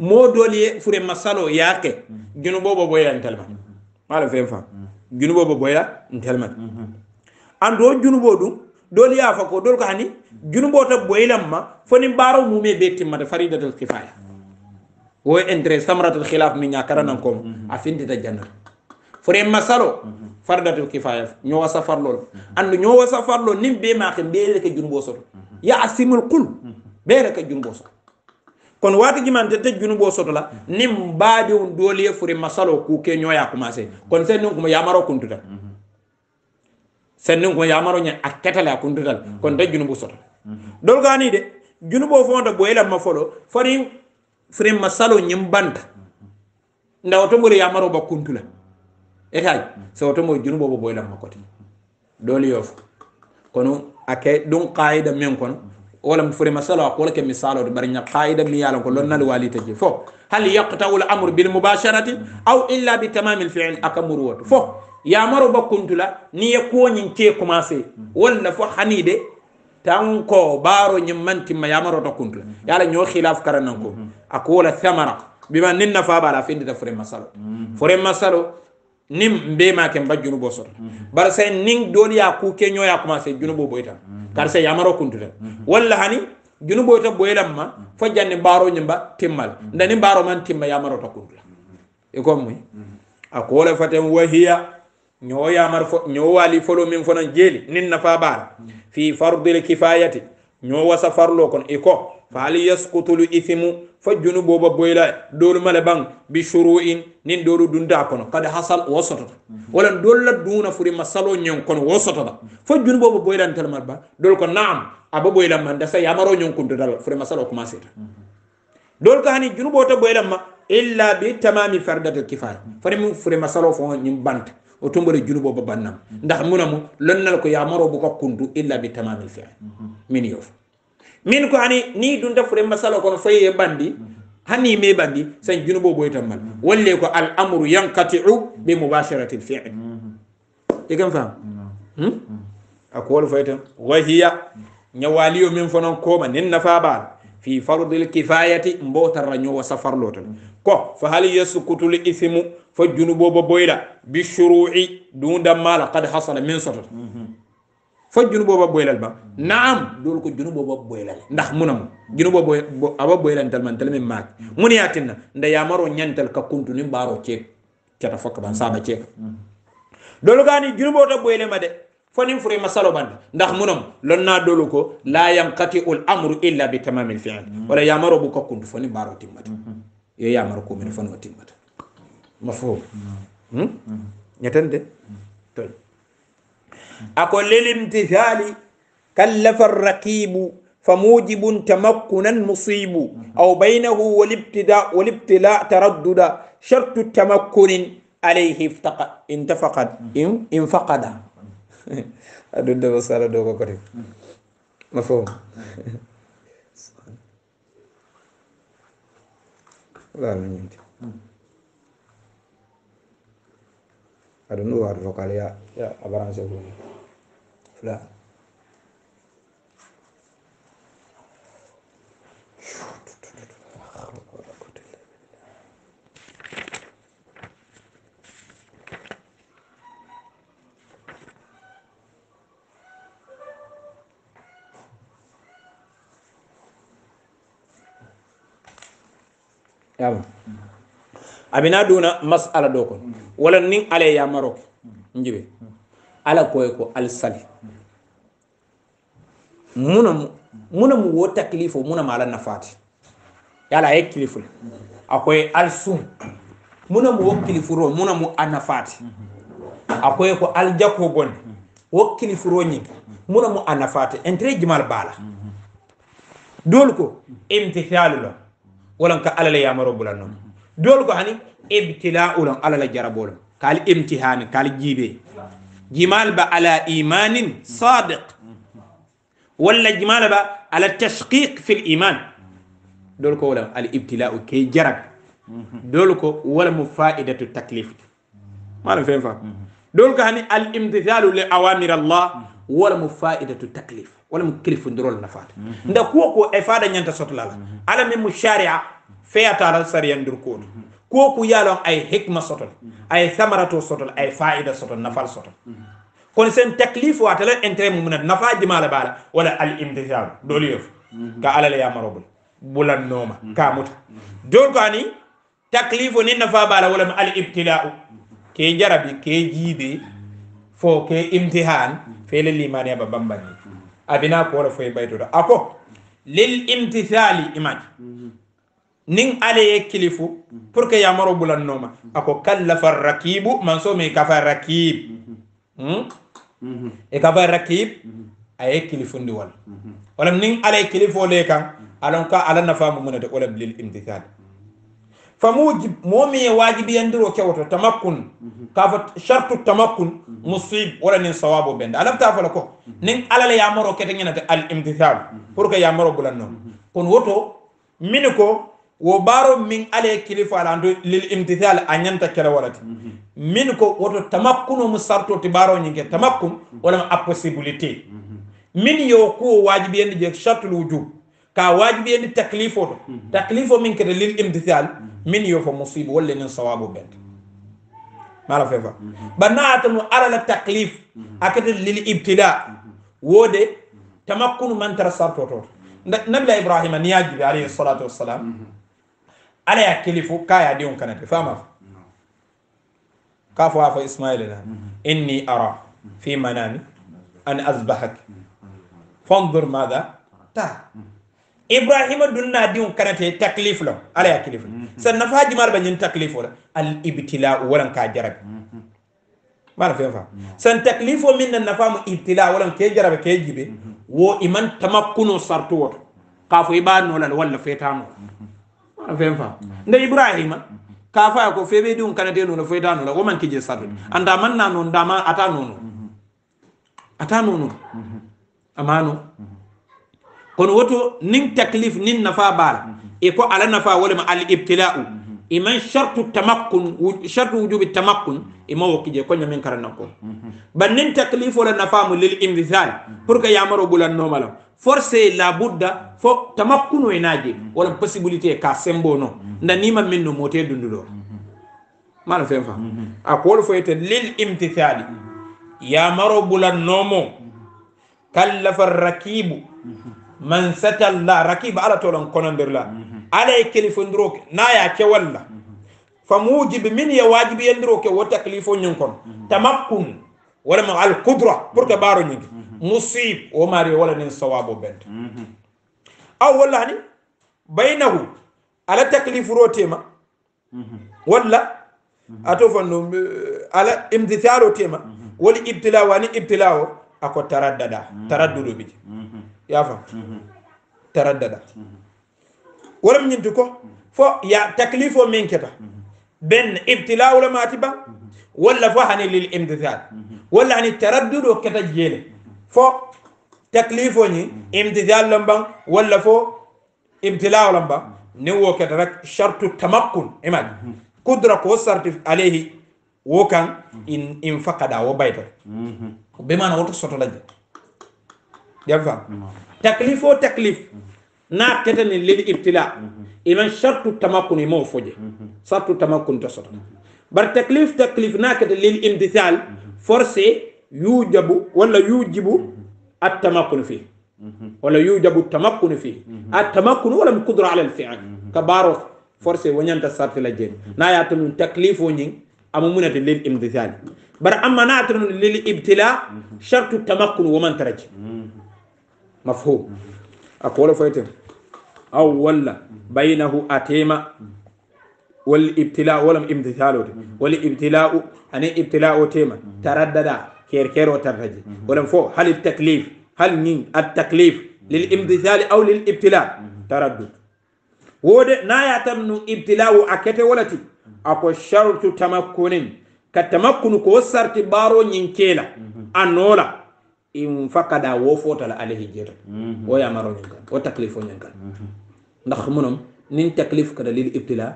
مودولي فري مسالو ياكي جنوب بو انتلما ما له فهم فهم جنوب بو انتلما اندو جنوب دو دولي يافكو دول كاني جنوب تا بويلم ما فني بارو مومي بيتي ما فريده الكفايه وي انتري ثمره الخلاف من يا كرنكم افنتي تجنن forema salo fardato kifaya ñowa sa farlol andu ñowa sa farlol nin be maake ɓeere ka junubo soto ya simul qul ɓeere ka junubo soto kono waati jimantete junubo soto la nin mbaadiw dooliye forema salo ku ke ñoya commencé kono sen nin kuma yamaro kuntudal sen nin kuma yamaro ñe a ketale a kuntudal kono ta junubo soto dolgani de junubo fonta boyelatma folo fori forema salo ñim banta ndawa to mbori yamaro ba kuntula mm -hmm. etaji sowo tomoy junuboɓo boylat makko ti doole yoof kono ake ɗum kayida min kono wolam forima salo akola ke mi salode bara ñag kayida mi yalan ko lon nal walitaji fo hal yaktaul amr bil mobacharati aw illa bi tamami lfiil aka murwoto fo yamaro bakkuntula ni ye koñin ke commencé wolla fo hanide tanko baro ñim mantimma yamaro takkuntula yala ño xilaf karanan ko akowola thamara bima nin nafabala a findita forema salo mm-hmm. forema salo nin nbema mm-hmm. ke bajunu bo sota bara sa nin doliya ku keñoya commencé junubo boyta mm-hmm. kar sa yamaro kuntuta mm-hmm. walla hani junuboyta boyelanma fo janni baro ñimba timmal ndani baro man timma yamarota kuntula i comme muy a kole faten wahiya ñoo yamar fo ñoo wali folo min fona jeli nin nafa bara fi fardil kifayati ñoo wasa farlo kon iko fa al yaskutul ithimu fajjunu booba boyla doolu male ban bi shuruin nin doolu dunta kono kadi hasal wo sotota wala doolla duna furima salo ñon kono wo sotota fajjunu booba boyla n talamat ba dool ko naam aba boyla ma ndasa yamaro ñon kunto dal furima salo commencé ta dool ko hani junu boota boyla ma illa bi tamami fardatel kifaya farimu furima salo fo ñin banta o tumbore junu booba bannam ndax muna mu lonnal ko yamaro bu ko kuntu illa bi tamami fiay min yofa min ko hani ni dunta fure masala kono fayi e bandi hani me bandi junu junubo boy tamal walle ko al amru yanqati'u bi mubasharati al fi'l e kam fam hmm akol faytan wa hiya nyawaliyo min fonon koma nin nafa ba fi al kifayati mbotarra safar lotal ko fa hal yaskutul ithmu fa junubo bo boyda bi shuru'i dun mala qad hasala min sotata hmm. fa junuboo boylal ba naam lol ko junuboo ba boylal ndax munam junuboo boy aba boylantal man telemi mak muni yatina nda ya maro nyantal ka kuntu ni mbaaro ceeg cata fokka ban saba ceeg doolu gani junuboo ta boyle ma de fonin fure masalo ban ndax munam lon lonna dolu ko la yanqati ul amru illa bi tamamil fi'l wala yamaro bu ka kuntu baro timmat ye ya maro ko min fonoo timmat mafhum hmm nyatande أقول للامتثال كلف الرقيب فموجب تمكنا مصيب أو بينه والابتداء والابتلاء تردد شرط التمكن عليه افتقد انتفقد انفقد أدود بصالة دوغو قريب مفهوم لا لا يمكن أدود بصالة دوغو يا أدود بصالة fura yam abina duna mas'ala do kon wala nin ale ya marok njibe ala koy ko al sali munam munam wo taklifo munam ala nafaati yala ye kilifule akoye alsum munam wo kilifuro munamu a nafaati akoye ko aljako bonde wo kilifuro ñing munamu a nafaati intérét jimal baala doolu ko imtisalu lon wolanka ala la yamaro bulan non doolu ko hani ibtila ulon ala la jarabolon kaali imtihani kaali jiibe jimal ba ala imanin sadiq walla jimala ba ala tasqiq fi liman dol ko wala al ibtilau ke jarag dol ko wala mo faidatu taklif malam fen fa dol ko hani al imtithalu li awamir allah wala mo faidatu taklif wala mo kilifu ndrol na faata nda ko ko e faada nyanta sotla la ala mi mu sharia feyata la sariyan dur ko do ko ko yalo ay hikma sotol ay thamaratu sotol ay faida sotol nafal sotol kon sen taklif wa tala intérêt mum na nafa jimala bala wala al imtithal doli yof ka alala ya marobul bulan noma ka muta dol ko ani taklifu ni nafa bala wala al ibtila'u ke jarabi ke jibe fo ke imtihan fele limani ya babambani abina ko wala fo bayto ako lil imtithali imaji nin ale ye kilifu pour que yamaro bulannoma ako kallafa rakibu man so mi kafa rakib mm -hmm. e ka ba rakib aye kilifundi wala walam nin ala kilifo le kan alon ka ala nafa mu munata walam lil imtithal fa mujib momi wajibi yandiro kewto tamakkun ka fa shartu tamakkun musib wala nin sawabu benda alam taa fala ko nin ala le yamaro kete ngena al imtithal pour que yamaro bulanno kon woto mini ko wo baaro min ala kilifa ala ando lil imtithal anyanta kere walati mhm. min ko woto tamakkuno mu sarto ti baaro nyinke tamakkun wala ma possibilité mhm. min yo ko wajibi en je shartul wujub ka wajibi en taklifo do mhm. taklifo min kede lil imtithal min yo fo musib wala nin sawabu bet mala fefa banna atamu ala la taklif akete lil ibtida wode tamakkuno man tara sarto to nabila ibrahima niyajibi alayhi salatu wassalam ala ya kilifu kaya diŋo kanate fama fo ka fo afo ismail la mhm. inni ara fi manami an asbahak fandur maga ta mhm. ibrahima dunna diŋo kanate taklif lo ala ya kilifu la mhm. sar nafa jumala ba ñin taklifo la al ibtilau walan ka jarabe mana fen fa san taklifo min nan nafamu ibtila walan ke jarabe ke jibe wo iman tamakkuno sartu woto kafo iba nolal walla fetano fen fa nde ibrahima ka faya ko feɓeydi um kanete nuna foyta nula wo manqui je sarude andaman na noon ndama ata nonu ata nonu amanu kono woto nin taclif nin nafa baala e ko ala nafa wolema al ibtila'u iman e chartu tamakkun chartu wujubi tamakkun ima e wokki je koña min karannakko ban nin taclif wola nafamu lil invital pour que yamaro ɓulannomalam forcé e la budda fo tamakkuno e naaje mhm. wala possibilité ka sembo no mhm. ndanima min no mote dundu ɗo mhm. mala fen fa a kolo foyete lil imtithali ya maro bulan nomo kallafa rakibu man satalla rakibu ala tolon kono ndirla ala e kelifondiro ke naya ke walla famujibe min ya wajibi yandiro ke wo taklifo ñon kono tamakkun wala ma al qudra pour que mm-hmm. baro ñingi mm-hmm. musib o mari wala nin sawabo bent mm-hmm. aw wala ni baynahu ala taklifu rotema wala ato fanno ala imtithalo tema wali ibtila wani ibtila o ako taraddada taraddudo bi ya fam taraddada wala min ñinti ko fo ya taklifo min keta ben ibtila wala mati ba wala fo hani lil imtithal walla ani taraddudo keta jeele fo taklifo ñi imtidal lom ban walla fo ibtilao lom ban nin wo keta rek chartu tamakkun imad kudra ko sarti alayhi wo kan in faqada wo bayta be mana woto sotodaje ƴam fam taklifo taklif na ketani leli ibtila iman chartu tamakkun ima wo foje chartu tamakkun ta sotoda bar taklif taklif na keta leli imtital forcé yujabu walla yujibu attamakkunu fi walla yujabu tamakkunu fi mhm. attamakkunu walla mi kudra ala alfial mhm. ka baaro forcé woñanta sartila jeni mhm. nayata nun taclifo ñin ama munata lel imtisali bara amma nayata nun lel ibtila chartu tamakkunu womantaraji mafhum ako wala foyten aw walla baynahu atema wal ibtila walam imtitalo te mm-hmm. wal ibtila u ane ibtila o tema taraddada ker ker o tardaji mm-hmm. walam fo hal taklif hal ñin attaklif mm-hmm. lil imtitali aw lil ibtila taraddud wode naya tan no ibtila u a kete walati ako chartu tamakkunin ka tamakkunu ko sarti baro ñin kela a noola in fakada wo fotala alahi jeta o yamaro ñangal o taklif o ñangal ndax munom -hmm. nin taklif kada lil ibtila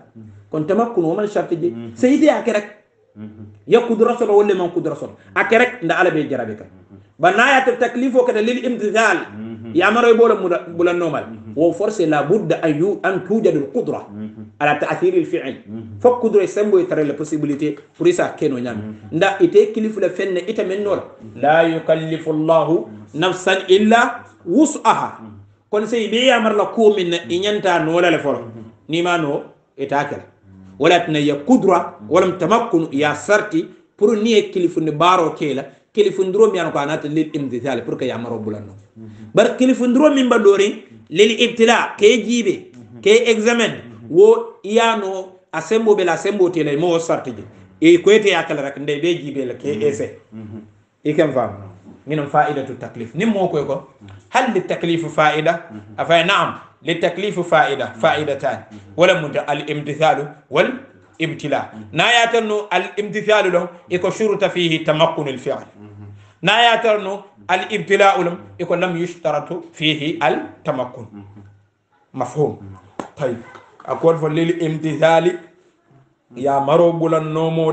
kon tamakkun woman sharti je seydi ake rek ya kudura solo wolle man kudura solo ake rek nda ala be jarabe ka banaya ta taklifo kada lil imtithal ya maro bola bula normal wa forse la budda an yu an tujad al qudra ala ta'thir al fi'l fa qudra sembo tare la possibilité pour isa keno nyam nda ite kilifu la fenne ite men nol la yukallifu allah nafsan illa wus'aha kono sey ɓe yamarla komina i ñanta noolale foro nima no eta kele wala tena ya kudra walam tamakkunu ya sarti pour ni e kilifunde baaro keela kilifundiro mbiyano ko anata lel imtital pour que yamaro bulan no bar kilifundiro min mbaɗorin lel ibtila ke jiibe ke examen wo iyano a semboɓe la sembo tela mowo sarti ji e koyeteya kele rek nde ɓe jiibe la ke essa i kem famno منهم فائدة التكليف نمو كويكو هل للتكليف فائدة أفاي نعم للتكليف فائدة فائدتان ولا من الامتثال والابتلاء ناياتنو الامتثال لهم إكو شرط فيه تمكن الفعل ناياتنو الابتلاء لهم إكو لم يشترط فيه التمكن مفهوم طيب أقول فللامتثال يا مروب بلن نومو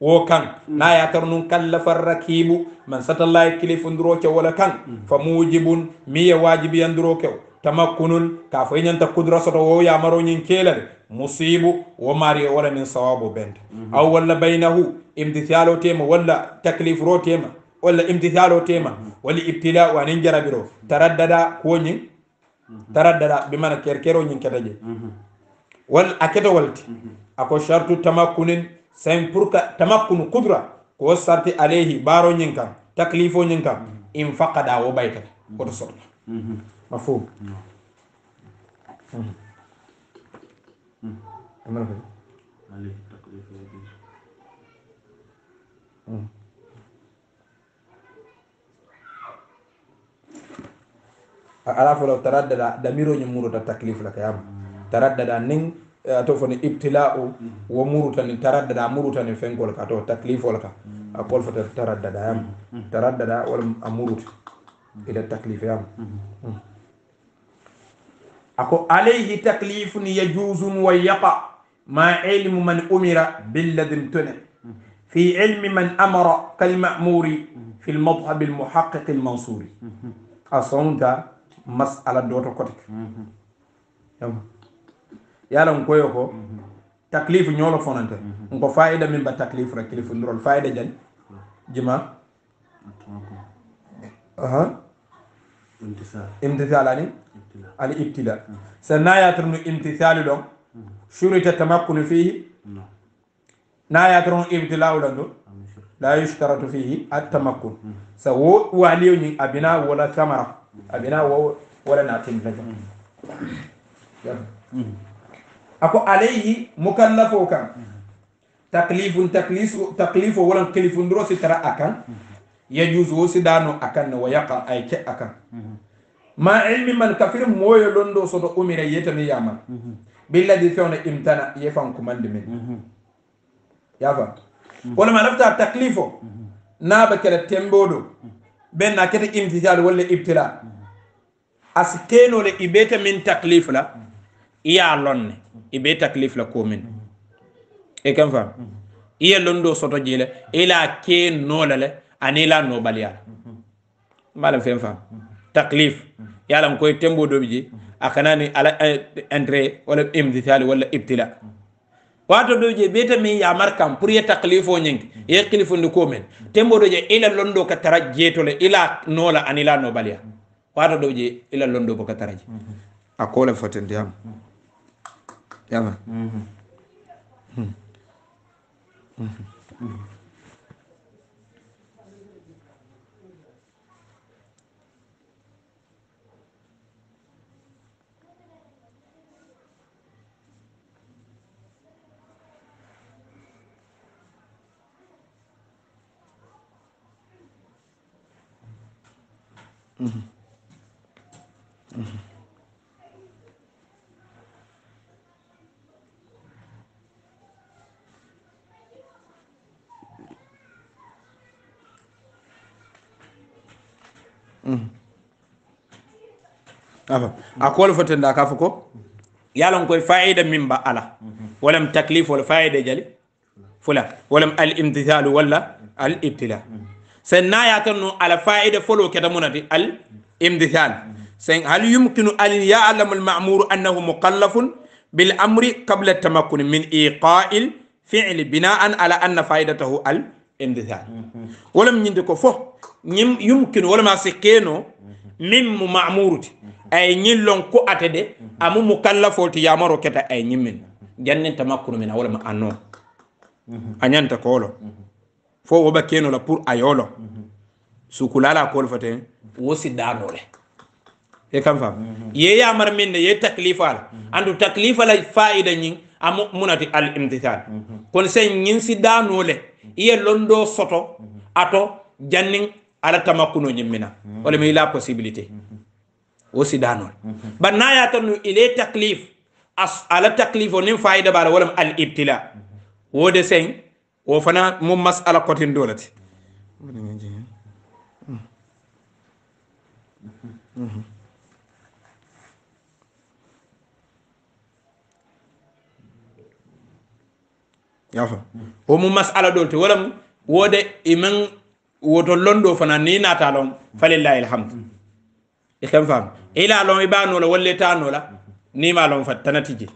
wo kan na ya tarnun kallafar rakibu man lai kilifun duro ke wala kan fa mujibun mi ya wajibi yan duro ke tamakkunun ka fa ta kudra soto wo ya maro nyin kelal musibu wo mari wala min sawabu bent mhm. aw wala bainahu imtithalo tema wala taklif ro tema wala imtithalo tema mhm. wala ibtila wa nin jarabiro mhm. taraddada ko nyin taraddada bi mana kerkero nyin kedaje wal aketo walti ako shartu tamakkunin sen pour que tamakkunu kudra ko sarti alayhi baro ñin kan taklifo ñin kan mhm. in faqada wo bayta koto sotla mhm. mafhum mhm. amana fa alayhi taklifo ala fo law taraddada damiro ñin muro ta taklif la kayam taraddada nin ato foni ibtila'u wo murutani taraddada murutani fenkol ka to taklifol ka a kol fota taraddada yam taraddada wala a muruti ila taklif yam ako alayhi taklifun yajuzun wa yaqa ma ilmu man umira billadi mtune fi ilmi man amara kalmamuri fi lmadhabi almuhaqiqi almansuri a sonta masala doto kotek yama yalan koyo ko mhm. taklif ñolo fonante nko mhm. faida min ba taklif ra klif ndrol faida jani jima imtisal ani al ibtila mhm. sa nayatr nu imtisali ɗon surita tamakkune fihi nayatron ibtila u landu la yustaratu fihi a tamakkun sa wo waliyo ñin abina wala samara abina wo wala natimtaja ako alayhi mukallafo kan taklifun taklifu taklifo wolan kilifundiro si tara a kan yajuse wo si dano a kan ne wa yaqa ay ke a kan ma ilmi man kafir moyo londo soto umire yetani yaman billadi fewne imtana ye fan kumandi min yafa wolama lafta taklifo naba kele tembo do benna kete imtisal walla ibtila asi kenole ibeta min taklif la iya lonne i be taklif la komin i e ken fam i ye londo soto jile i la ke nola le ani i la nobaliya la mbala fen fam taklif yalan koy tembo dobi ji a kana ni ala eh, entre wala imtithali wala ibtila wato do je beta mi yamar kam pour ye taklifo ñing ye kilifondi komen tembo do je ila londo ka tara jetole ila nola ani la nobaliya wato do je ila londo ko ka tara ji a kola fotentiyam mm -hmm. 要么。嗯哼，嗯，嗯嗯嗯嗯 akolu fotenda ka fo ko yalon koye faida min ba ala walam taklif wala faida jali fula walam al imtithalu walla al ibtila sen naya tan no ala faida folo keta munati al imtithal sen hal yumkinu an ya'lamu al ma'muru annahu muqallafun bil amri qabla tamakkun min iqa'il fi'li bina'an ala anna faidatahu al imtithal walam nyinde ko fo ñim yumkino wala ma sikkeno mhm. min mo mamourude mhm. ay ñillon ko atede mhm. amu mu kallafoti yamaro keta ay ñimmin jannenta makkuno min a wala ma anno a ñanta koolo fo woɓa keno la pour ayolo sukulala kool fate wosi danole e kam fam ye yamar min ne ye taklifala andu taklifala faida ñin a munati al imtital kono sen ñin si danole iye londo soto ato jannin ala tamakkuno ñimmina wala mm-hmm. mi ila possibilité wo mm-hmm. sidanol mm-hmm. bar naya tanno il est taclif ala taclif o nin fayida bara walam al ibtila wo de sen wo fana mu masala kotin dolati mm. yafa wo mu masala dolti walam wode iman woton londo fana ni natalon falillahi lhamdu i e ken fam ila lon i e banola walle tanola nima lon fat tanatije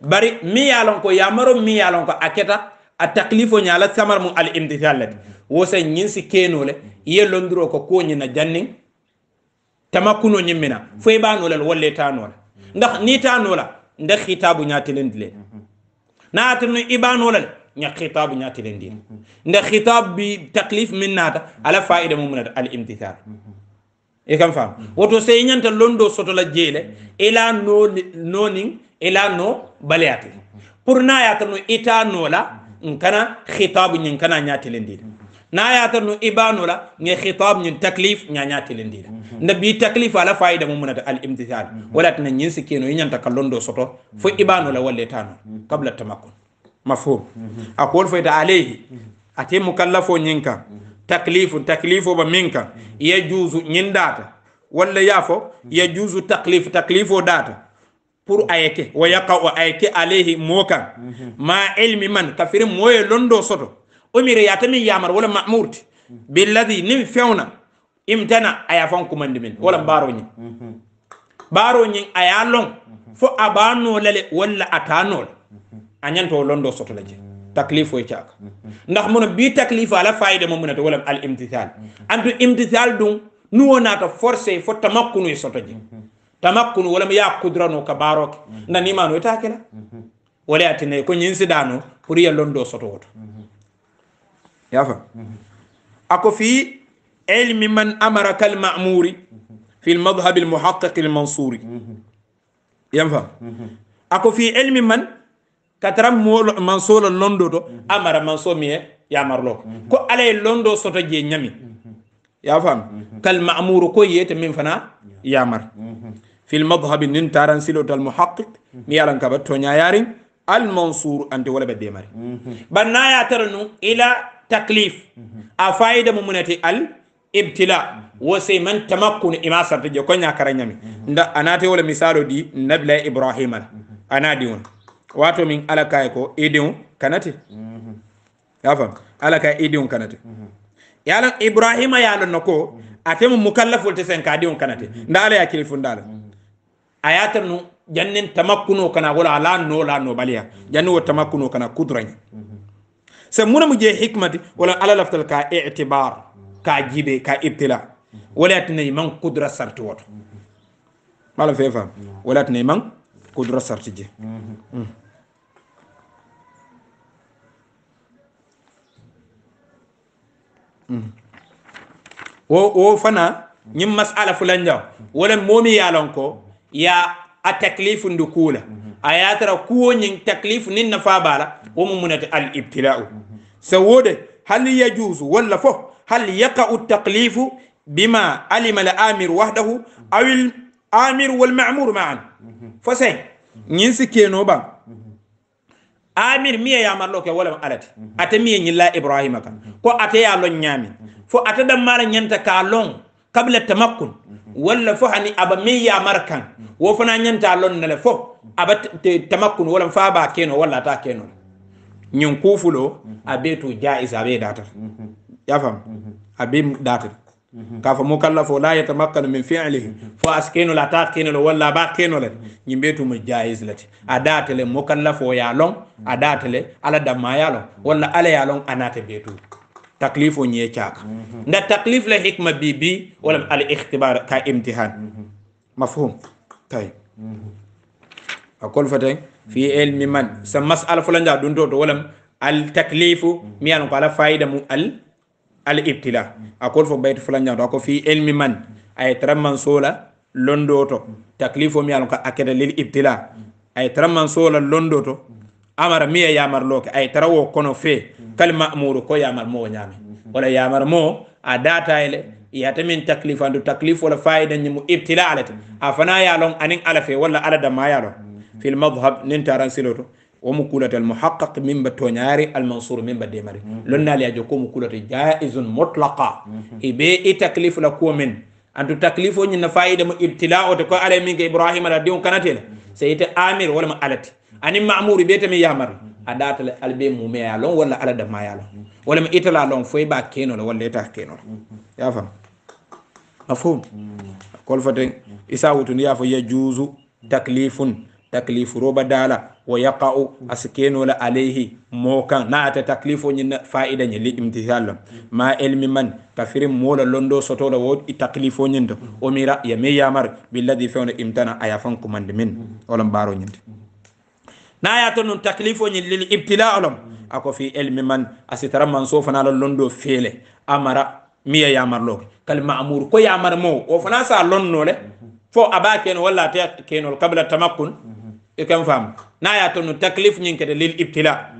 bari mi yalon ko yamaro mi yalon ko aketa a taklifo ñala samar mu al imtithal lati wose ñinsi kenole ye londuro ko ko ñina jannin tamakkuno ñimmina fo i e banola l walle tanola ndax ni tanola nde xitabu ñatilindile na atinu i banola le ña xitabu ñatilen dir nde xitab bi taklif min nata ala faida mo munata al imtithar e kam fam woto sey ñanta londo soto la jeele ila no noning ila no baleyate pour nayata no ita nola nkana xitabu ñin kana ñatilen dir nayata no ibanola ñe xitab ñin taklif ña ñatilen dir nde bi taklif ala faida mo munata al imtithar walatna ñin sikeno ñanta ka londo soto fo ibanola walle tanol qabla tamakkun mafhum mhm. akuwol foyta alayhi mhm. ate mukallafo ñin kan mhm. taklifu taklifo ba min kan yajuusu ñin data walla yaafo yajuusu taklif taklifo data pour ayeke wa yaqa o ayeke alayhi moo kan ma ilmi man kafiri mooye londo soto omire yatamin yamar wala mamourti billadi nin fewna imtana aya fan kumandi min wala baro ñin baro ñin aya long fo abanolale walla atanol a ñanto londo soto la je taklifo e caaka ndax mono bi taklifo ala fayida mo munata wala al imtithal antu imtithal ɗum nuwo naata forcé fo tamakkunu e soto je tamakkunu wala mi ya kudrano ka baroke nanimano e taakela wala atinayi ko ñin siɗano pour ya londo soto woto yafa akofi fi علم من أمرك المأمور في المذهب المحقق المنصوري ينفع أكو في علم من مول manso la تو أمر amara manso يا yamarlo كو علي ye londo جي je يا ya كل مأمور كو ko yete فنا يا yamar في المذهب نين تاران سيلوت المحقق ميالان كبا تونيا يارين المنصور انت ولا بدي ماري بنا يا ترنو الى تكليف افايد ممنتي ال ابتلاء وسي من تمكن اما سرتجو كنيا كونيا كرنيامي ندا اناتي ولا مثالو دي نبلا ابراهيم انا ديون wato min alaka ko idin kanate mhm. yafam alaka idin kanati mhm. yalan ibrahima yalan nako mhm. atemu mukallaful te sen diun kanati ndala ya kilifun dala ayatan nu jannin tamakkuno kana wala ala no la no baliya janni wo tamakkuno kana kudran sai muna mu je hikmati wala ala laftal ka i'tibar ka jibe ka ibtila wala tinay man kudra sartu wato mala fefa wala tinay man كودرا سارتيجي و و فنا نيم مسألة فلان جاو ولن مومي يالونكو يا التكليف ندكولا آيات را كو نين تكليف نين نفا بالا ومومنات الابتلاء سوود هل يجوز ولا فو هل يقع التكليف بما علم الامر وحده او amir wal mamour maan fo sey ñin si keno ɓan amir miye yamarlo ke wolem alati ate miye ñilla ibrahima kan ko ate ya lon ñamin fo ate dammala ñanta ka lon kable tamakkun walla fo hani aba mi yamar kan wo fana ñanta lon nele fo aba tamakkun wolem fa ba keno walla ata keno ñin kufulo a ɓe to jaisa a ɓe datata yafam a ɓe datata kafa mukallafo la yatamakkanu min filihim fo as kenol a taat kenol o walla a ɓaat kenolati ñi mbeetuma jayis lati a datele mukallafo ya long a datele ala damma ya long walla ala ya long a naata mbeetu taklif o ñee caaka mhm. nda taklif la hikma bi bi walla al ixtibar ka imtihan mhm. mafhum tay mhm. a kolfaten fi elmi man sa masala fulanja ɗum to to walla al taklifu mi yano ko ala fayida mum al al ibtila a kol fof ɓayti fulanjanto a ko fi ennemi man aye tramman sola londo to taclif o mi alon ka akkete lil ibtila aye tramman sola londo to amara miye yamar loke aye trawo kono fe kali mamoru ko yamar mowo ñaame wala yamar mowo a datayle yata min taclif andu taclif wala fayida ñimu ibtila alate a fana yalon anin ala fe walla ala damma yalon fil madhab nin taran siloto ومكولة المحقق من بتوناري المنصور من بديمري لنا لا يجوكو مكولة جائز مطلقة إبي إيه إتكليف لكو من أن تكليف ونين فايدة إبتلاء وتكو على منك إبراهيم على ديون كانتين سيت آمير ولا مألت أني معمور بيت من يامر أدات البي مميا لون ولا على دمايا لون ولا إتلا لون فوي با كينو ولا إتا كينو يا فهم مفهوم كل فتن إساوتون يا فو يجوز تكليف taklifu roba dala wo yaqau asi kenola alayhi mo kan naata taklifu ñinna faida ñe li imtisallo ma elmi man kafirin mola londo sotola wo taklifu ñinta omira ya me yamar billadi fewno imtana aya fan kumandi min olon baro ñinta naya to non taklifu ñin lil ibtila olon ako fi elmi man asi tara man sofanala londo feele amara miya yamarloke kali mamour ko yamar mo o fana sa lonnole fo aba keno walla te kenol kabla tamakkun mm -hmm. كم فهم نايا تون تكليف نين كده للابتلاء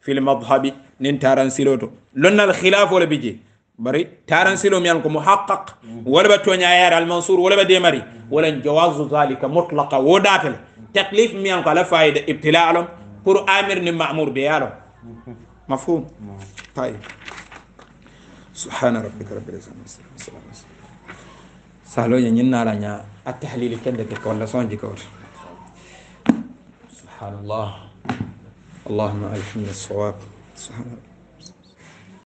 في المذهب نين تاران سيلوتو لون الخلاف ولا بيجي بري تاران سيلو ميانكو محقق ولا بتوني ايار المنصور ولا بدي مري ولا جواز ذلك مطلقة وداتل تكليف ميانكو على فايدة ابتلاء لهم بور امر نمامور بيالهم مفهوم طيب سبحان ربك رب العزة سهلو ينين نارا التحليل كندك ولا صنجي كورش سبحان الله اللهم ألحمنا الصواب سبحان الله